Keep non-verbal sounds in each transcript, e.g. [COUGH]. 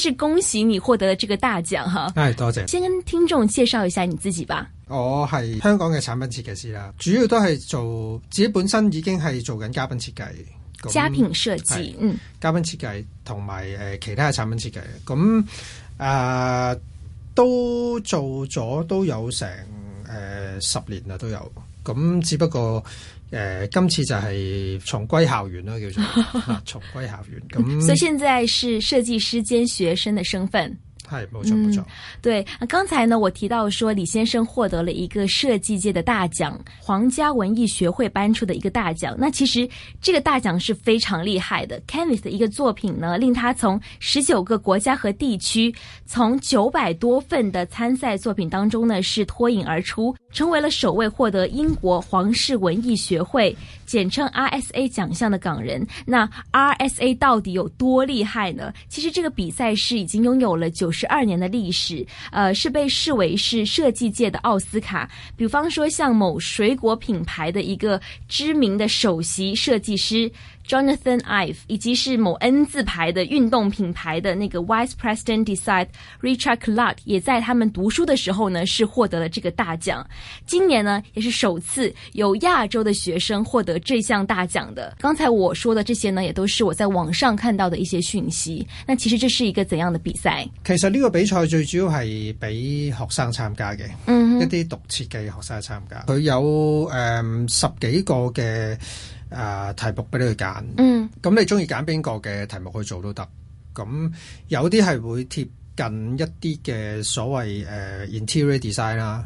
是恭喜你獲得了這個大獎哈！係多謝，先跟聽眾介紹一下你自己吧。我係香港嘅產品設計師啦，主要都係做自己本身已經係做緊家品設計，家品設計，嗯，家品設計同埋誒其他嘅產品設計，咁啊、呃、都做咗都有成誒十年啦都有，咁只不過。誒、呃，今次就係重歸校園咯，叫做 [LAUGHS] 重歸校園咁，所以現在是設計師兼學生的身份。冇錯冇錯，對，剛才呢我提到說李先生獲得了一個設計界的大獎，皇家文藝學會頒出的一個大獎。那其實這個大獎是非常厲害的，Kenneth 的一個作品呢令他從十九個國家和地區，從九百多份的參賽作品當中呢是脫穎而出，成為了首位獲得英國皇室文藝學會，簡稱 RSA 獎項的港人。那 RSA 到底有多厲害呢？其實這個比賽是已經擁有了九十十二年的歷史，呃，是被視為是設計界的奧斯卡。比方說，像某水果品牌的一個知名的首席設計師。Jonathan Ive 以及是某 N 字牌的運動品牌的那個 Vice President Decide Richard Clark 也在他們讀書的時候呢，是獲得了這個大獎。今年呢，也是首次由亞洲的學生獲得這項大獎的。剛才我說的這些呢，也都是我在網上看到的一些訊息。那其實這是一個怎樣的比賽？其實呢個比賽最主要係俾學生參加嘅，嗯、哼一啲讀設計嘅學生參加。佢 [NOISE] 有誒、um, 十幾個嘅。誒、啊，題目俾你去揀，咁、嗯、你中意揀邊個嘅題目去做都得。咁有啲係會貼近一啲嘅所謂誒、呃、interior design 啦，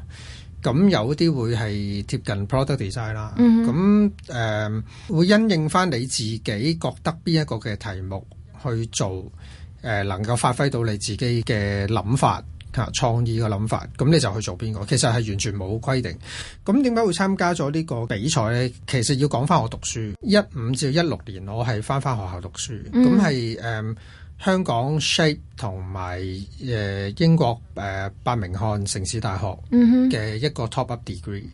咁有啲會係貼近 product design 啦、嗯哼。咁誒、呃、會因應返你自己覺得邊一個嘅題目去做，誒、呃、能夠發揮到你自己嘅諗法。嚇創意個諗法，咁你就去做邊個？其實係完全冇規定。咁點解會參加咗呢個比賽呢？其實要講翻我讀書，一五至一六年我係翻返學校讀書，咁係誒香港 shape 同埋誒、uh, 英國誒伯、uh, 明翰城市大學嘅一個 top up degree。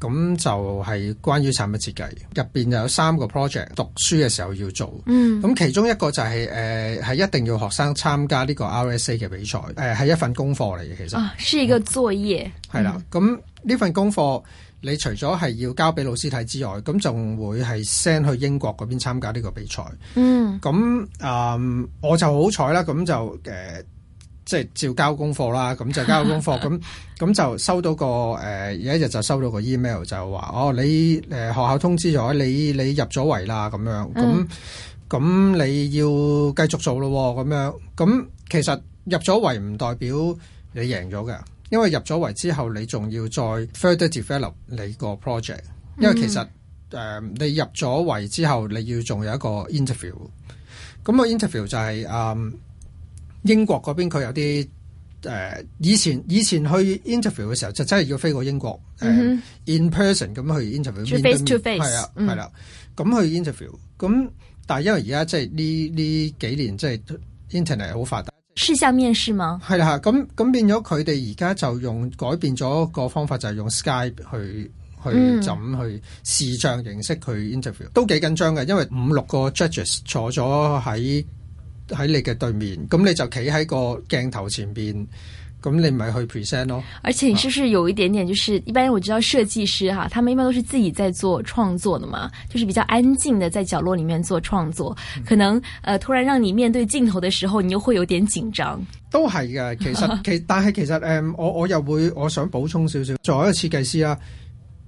咁就係關於產品設計入邊有三個 project，讀書嘅時候要做。嗯，咁其中一個就係誒係一定要學生參加呢個 RSA 嘅比賽，誒、呃、係一份功課嚟嘅其實。啊，是一個作業。係啦、嗯，咁呢份功課，你除咗係要交俾老師睇之外，咁仲會係 send 去英國嗰邊參加呢個比賽。嗯，咁啊、呃，我就好彩啦，咁就誒。呃即係照交功課啦，咁就交功課，咁咁 [LAUGHS] 就收到個誒，有、呃、一日就收到個 email 就話，哦，你誒、呃、學校通知咗你，你入咗圍啦，咁樣，咁咁你要繼續做咯，咁樣，咁其實入咗圍唔代表你贏咗嘅，因為入咗圍之後，你仲要再 further develop 你個 project，嗯、因為其實誒、呃、你入咗圍之後，你要仲有一個 interview，咁個 interview 就係、是、誒。呃英國嗰邊佢有啲誒以前以前去 interview 嘅時候就真係要飛過英國誒 in person 咁去 interview，face to face 係啊係啦，咁去 interview 咁但係因為而家即係呢呢幾年即係 internet 好發達視像面試嘛係啦，咁咁變咗佢哋而家就用改變咗個方法就係用 skype 去去怎去視像形式去 interview 都幾緊張嘅，因為五六個 judges 坐咗喺。喺你嘅對面，咁你就企喺個鏡頭前邊，咁你咪去 present 咯。而且，就是有一點點，就是、啊、一般我知道設計師哈、啊，他們一般都是自己在做創作的嘛，就是比較安靜的在角落裏面做創作。嗯、可能、呃，突然讓你面對鏡頭的時候，你又會有點緊張。都係嘅，其實其但係其實，誒、 [LAUGHS] 嗯，我我又會我想補充少少，作為一個設計師啊。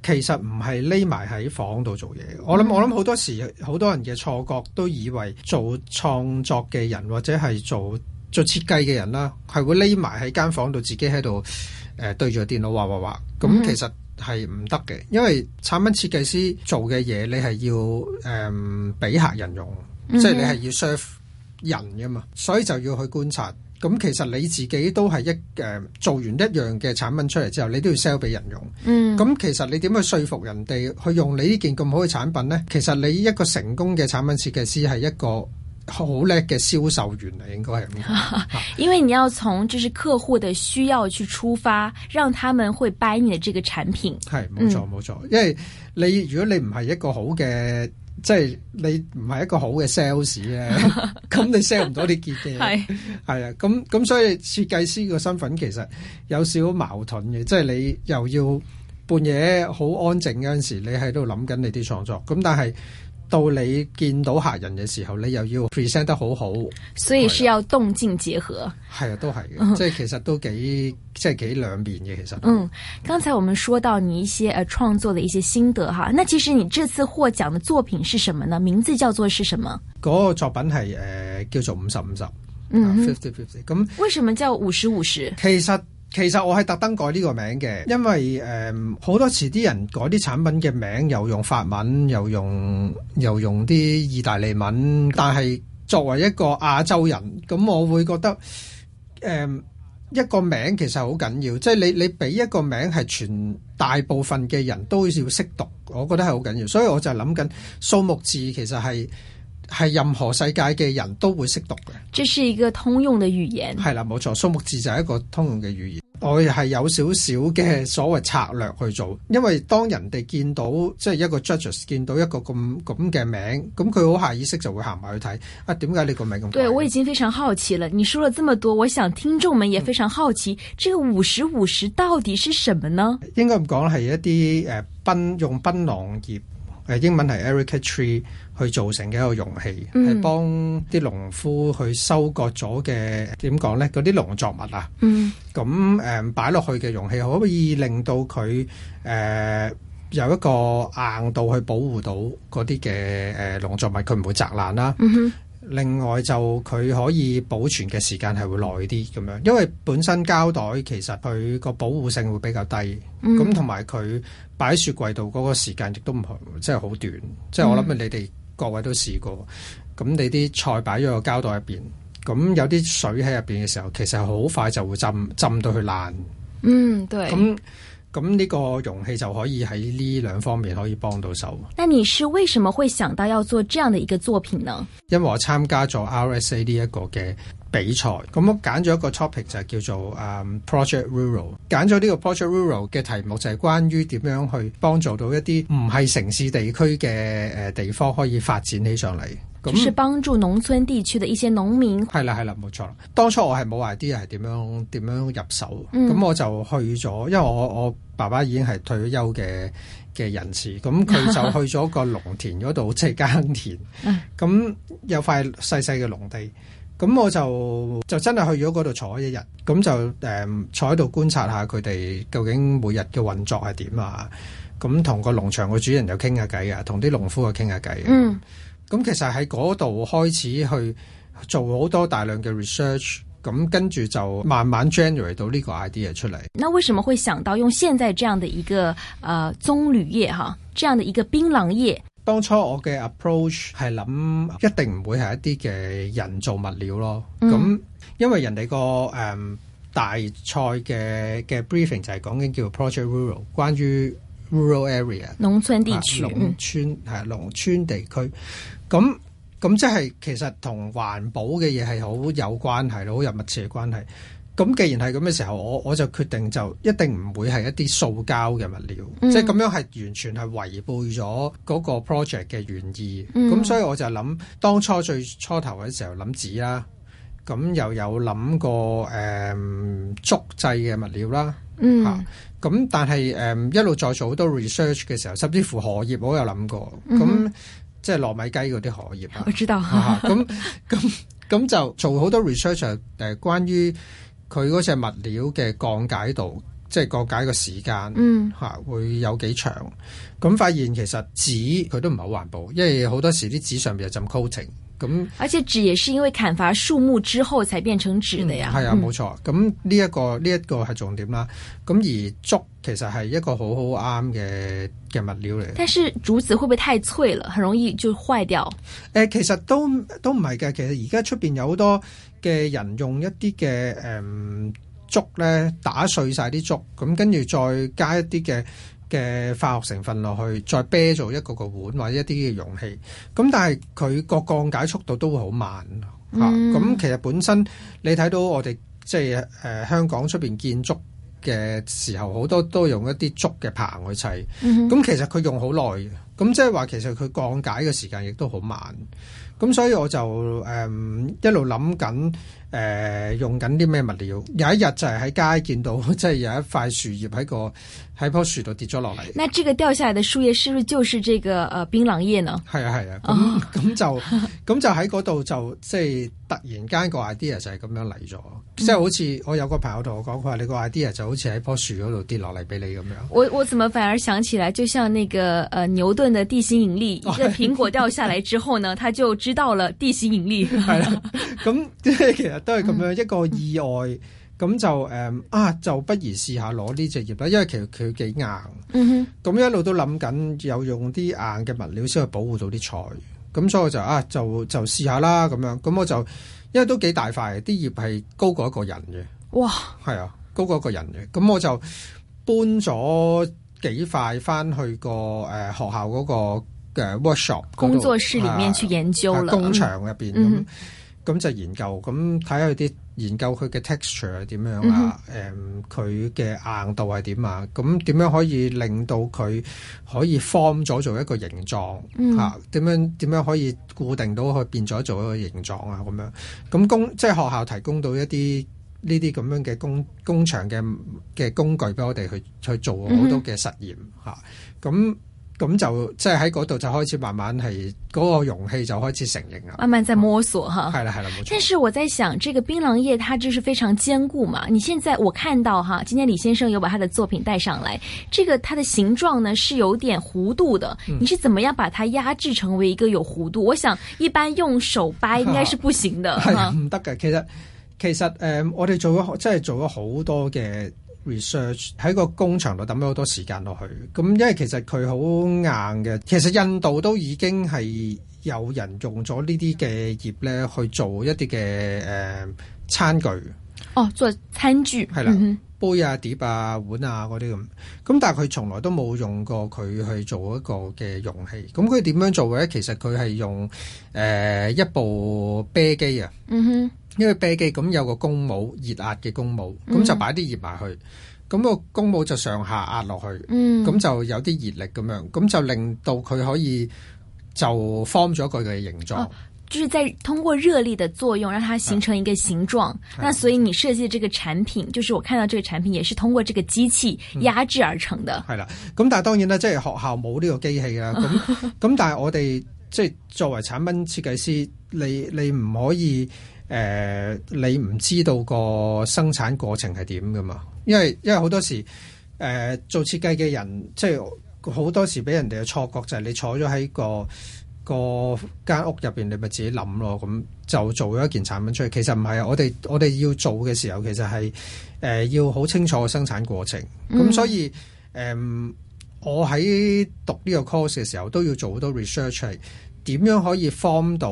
其實唔係匿埋喺房度做嘢。我諗我諗好多時，好多人嘅錯覺都以為做創作嘅人或者係做做設計嘅人啦，係會匿埋喺間房度自己喺度誒對住電腦畫畫畫。咁其實係唔得嘅，因為產品設計師做嘅嘢，你係要誒俾客人用，即係你係要 serve 人㗎嘛，所以就要去觀察。咁其實你自己都係一誒做完一樣嘅產品出嚟之後，你都要 sell 俾人用。咁、嗯、其實你點去說服人哋去用你呢件咁好嘅產品呢？其實你一個成功嘅產品設計師係一個好叻嘅銷售員嚟，應該係咁。因為你要從就是客戶嘅需要去出發，讓他們會 buy 你嘅呢個產品。係、嗯、冇錯冇錯，因為你如果你唔係一個好嘅。即係你唔係一個好嘅 sales 咧咁 [LAUGHS] [LAUGHS] 你 sell 唔到啲嘢嘅，係係啊。咁咁 [LAUGHS] 所以設計師個身份其實有少少矛盾嘅，即係你又要半夜好安靜嗰陣時，你喺度諗緊你啲創作，咁但係。到你見到客人嘅時候，你又要 present 得好好，所以是要動靜結合。係啊，都係嘅，嗯、即係其實都幾即係幾兩面嘅其實。嗯，剛才我們說到你一些誒、呃、創作嘅一些心得哈、啊，那其實你這次獲獎嘅作品是什麼呢？名字叫做是什麼？嗰個作品係誒、呃、叫做五十五十，50, 嗯，fifty fifty 咁。50, 為什麼叫五十五十？其實。其實我係特登改呢個名嘅，因為誒好多時啲人改啲產品嘅名又用法文，又用又用啲意大利文，但係作為一個亞洲人，咁我會覺得誒一個名其實好緊要，即係你你俾一個名係全大部分嘅人都要識讀，我覺得係好緊要，所以我就係諗緊數目字其實係。係任何世界嘅人都會識讀嘅，這是一個通用嘅語言。係啦，冇錯，數目字就係一個通用嘅語言。我係有少少嘅所謂策略去做，因為當人哋見到，即係一個 judges 見到一個咁咁嘅名，咁佢好下意識就會行埋去睇。啊，點解呢個名咁？對我已經非常好奇了。你說了這麼多，我想聽眾們也非常好奇，嗯、這個五十五十到底是什麼呢？應該講係一啲誒，檳、呃、用檳榔葉。誒英文係 Erica Tree 去造成嘅一個容器，係、嗯、幫啲農夫去收割咗嘅點講咧，嗰啲農作物啊，咁誒擺落去嘅容器可唔可以令到佢誒、呃、有一個硬度去保護到嗰啲嘅誒農作物，佢唔會砸爛啦、啊。嗯哼另外就佢可以保存嘅時間係會耐啲咁樣，因為本身膠袋其實佢個保護性會比較低，咁同埋佢擺喺雪櫃度嗰個時間亦都唔好，即係好短。即係、嗯、我諗你哋各位都試過，咁你啲菜擺咗個膠袋入邊，咁有啲水喺入邊嘅時候，其實好快就會浸浸到去爛。嗯，對。咁。咁呢個容器就可以喺呢兩方面可以幫到手。那你是為什麼會想到要做這樣的一個作品呢？因為我參加咗 RSA 呢一個嘅比賽咁我揀咗一個 topic 就係叫做誒、um, Project Rural，揀咗呢個 Project Rural 嘅題目就係、是、關於點樣去幫助到一啲唔係城市地區嘅誒地方可以發展起上嚟。咁係幫助農村地區嘅一些農民。係啦係啦，冇錯。當初我係冇 idea，係點樣點樣入手，咁、嗯、我就去咗，因為我我爸爸已經係退咗休嘅嘅人士，咁佢就去咗個農田嗰度即係耕田，咁有塊細細嘅農地。咁我就就真係去咗嗰度坐一日，咁就誒、呃、坐喺度觀察下佢哋究竟每日嘅運作係點啊，咁同個農場嘅主人又傾下偈啊，同啲農夫啊傾下偈啊。嗯，咁其實喺嗰度開始去做好多大量嘅 research，咁跟住就慢慢 generate 到呢個 idea 出嚟。那為什麼會想到用現在這樣的一個，誒、呃、棕櫚葉哈，這樣的一個檳榔葉？當初我嘅 approach 係諗一定唔會係一啲嘅人造物料咯，咁、嗯、因為人哋個誒大賽嘅嘅 briefing 就係講緊叫 project rural，關於 rural area，農村地區，啊、農村係、嗯、農，農村地區，咁咁即係其實同環保嘅嘢係好有關係咯，好有密切嘅關係。咁既然係咁嘅時候，我我就決定就一定唔會係一啲塑膠嘅物料，嗯、即係咁樣係完全係違背咗嗰個 project 嘅原意。咁、嗯、所以我就諗當初最初頭嘅時候諗紙啦，咁又有諗過誒、嗯、竹製嘅物料啦，嚇咁、嗯啊、但係誒、嗯、一路再做好多 research 嘅時候，甚至乎荷葉我都有諗過，咁、嗯、即係糯米雞嗰啲荷葉啦。我知道。嚇咁咁咁就做好多 research 誒、er、關於。佢嗰隻物料嘅降解度，即係降解嘅時間，嚇、嗯啊、會有幾長？咁發現其實紙佢都唔係好環保，因為好多時啲紙上邊有浸 coating。咁、嗯、而且紙也是因為砍伐樹木之後才變成紙的呀。係、嗯、啊，冇錯。咁呢一個呢一個係重點啦。咁、嗯、而竹其實係一個好好啱嘅嘅物料嚟。但是竹子會不會太脆了，很容易就壞掉？誒、呃，其實都都唔係嘅。其實而家出邊有好多嘅人用一啲嘅誒竹呢打碎晒啲竹，咁跟住再加一啲嘅。嘅化學成分落去，再啤做一個個碗或者一啲嘅容器，咁但係佢個降解速度都會好慢嚇。咁、嗯啊、其實本身你睇到我哋即係誒、呃、香港出邊建築嘅時候，好多都用一啲竹嘅棚去砌，咁、嗯、哼其實佢用好耐嘅。咁即係話其實佢降解嘅時間亦都好慢，咁所以我就誒、嗯、一路諗緊誒用緊啲咩物料。有一日就係喺街見到，即 [LAUGHS] 係有一塊樹葉喺個喺棵樹度跌咗落嚟。那這個掉下來的樹葉是不是就是這個誒檳榔葉呢？係啊，係啊，咁咁、啊嗯、 [LAUGHS] 就咁就喺度就即係突然間個 idea 就係咁樣嚟咗，即、就、係、是、好似我有個朋友同我講佢話你個 idea 就好似喺樖樹度跌落嚟俾你咁樣，我我怎麼反而想起來就像那個誒牛的地心引力，一個蘋果掉下來之後呢， [LAUGHS] 他就知道了地心引力。係啦 [LAUGHS] 咁即係其實都係咁樣一個意外，咁、嗯嗯、就誒啊，就不如試下攞呢隻葉啦，因為其實佢幾硬。咁、嗯哼嗯、一路都諗緊有用啲硬嘅物料先去保護到啲菜，咁所以我就啊，就就試下啦，咁樣，咁我就因為都幾大塊，啲葉係高過一個人嘅。哇，係啊，高過一個人嘅，咁我就搬咗。幾快翻去個誒、呃、學校嗰、嗰個嘅 workshop、呃、工作室裏面、啊啊、去研究啦，工場入邊咁咁就研究，咁睇下啲研究佢嘅 texture 係點樣啊？誒、嗯哼，佢嘅硬度係點啊？咁點樣可以令到佢可以 form 咗做一個形狀吓？點、嗯啊、樣點樣可以固定到佢變咗做一個形狀啊？咁樣咁供即係學校提供到一啲。呢啲咁樣嘅工工場嘅嘅工具俾我哋去去做好多嘅實驗嚇，咁咁、嗯啊、就即係喺嗰度就開始慢慢係嗰、那個容器就開始成型啦。慢慢再摸索嚇，係啦係啦。冇錯，但是我在想，這個檳榔葉它就是非常堅固嘛。你現在我看到哈、啊，今天李先生有把他的作品帶上來，這個它的形狀呢是有點弧度的。你是怎麼樣把它壓製成為一個有弧度？嗯、我想一般用手掰應該是不行的。係呀，唔得㗎，其實。其實誒、嗯，我哋做咗真係做咗好多嘅 research，喺個工場度抌咗好多時間落去。咁、嗯、因為其實佢好硬嘅，其實印度都已經係有人用咗呢啲嘅葉咧去做一啲嘅誒餐具。哦，做餐具係啦，嗯、哼杯啊、碟啊、碗啊嗰啲咁。咁、嗯、但係佢從來都冇用過佢去做一個嘅容器。咁佢點樣做嘅咧？其實佢係用誒、呃、一部啤機啊。嗯哼。因為啤機咁有個公母熱壓嘅公母，咁、嗯、就擺啲熱埋去，咁個公母就上下壓落去，咁、嗯、就有啲熱力咁樣，咁就令到佢可以就 form 咗佢嘅形狀，啊，就是在通過熱力嘅作用讓它形成一個形狀。啊、所以你設計這個產品，就是我看到這個產品也是通過這個機器壓製而成的。係啦，嗯，咁、嗯、但係當然啦，即係學校冇呢個機器啦。咁咁、啊、但係我哋即係作為產品設計師，你你唔可以。誒、呃，你唔知道個生產過程係點噶嘛？因為因為好多時，誒、呃、做設計嘅人，即係好多時俾人哋嘅錯覺就係你坐咗喺個個間屋入邊，你咪自己諗咯。咁就做咗一件產品出嚟。其實唔係啊，我哋我哋要做嘅時候，其實係誒、呃、要好清楚生產過程。咁、嗯、所以誒、呃，我喺讀呢個 course 嘅時候，都要做好多 research 出嚟。點樣可以 form 到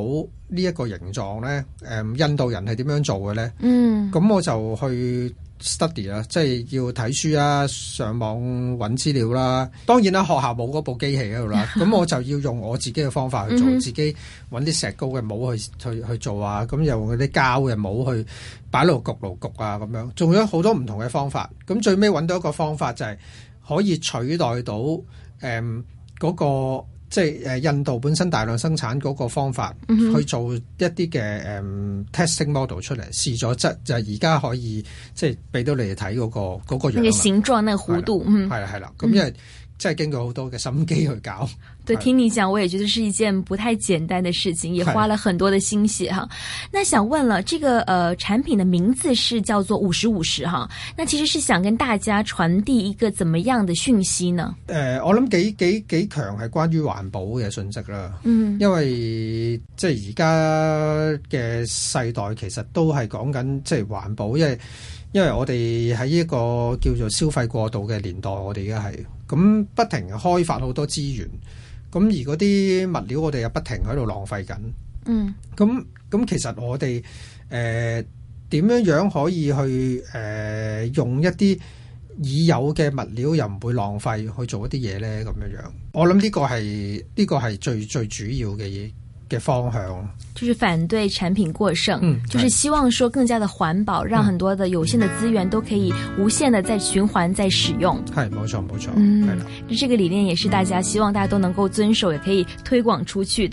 呢一個形狀呢？誒、嗯，印度人係點樣做嘅呢？嗯，咁我就去 study 啦，即係要睇書啊，上網揾資料啦。當然啦，學校冇嗰部機器喺度啦，咁 [LAUGHS] 我就要用我自己嘅方法去做，嗯、哼自己揾啲石膏嘅模去去，去做啊。咁又用啲膠嘅模去擺落焗爐焗啊，咁樣仲有好多唔同嘅方法。咁最尾揾到一個方法就係可以取代到誒嗰、嗯嗰個。即係誒印度本身大量生產嗰個方法，嗯、哼去做一啲嘅誒 testing model 出嚟，試咗質就而、是、家可以即係俾到你哋睇嗰個嗰個樣嘅、那個、形狀，呢個弧度，係啦係啦。咁、嗯哼嗯、因為。即係經過好多嘅心機去搞，對，是聽你講，我也覺得是一件不太簡單的事情，也花了很多的心血哈。是那想問了，這個呃產品的名字是叫做五十五十哈，那其實是想跟大家傳遞一個怎麼樣的訊息呢？誒、呃，我諗幾幾幾強係關於環保嘅訊息啦，嗯，因為即係而家嘅世代其實都係講緊即係環保，因為。因為我哋喺呢個叫做消費過度嘅年代，我哋而家係咁不停開發好多資源，咁而嗰啲物料我哋又不停喺度浪費緊。嗯，咁咁其實我哋誒點樣樣可以去誒、呃、用一啲已有嘅物料又唔會浪費去做一啲嘢呢？咁樣樣，我諗呢個係呢個係最最主要嘅嘢。嘅方向，就是反對產品過剩，嗯，就是希望說更加的環保，嗯，讓很多的有限的資源都可以無限的在循環，在使用。係冇錯冇錯，嗯，這個理念也是大家希望大家都能夠遵守，也可以推廣出去的。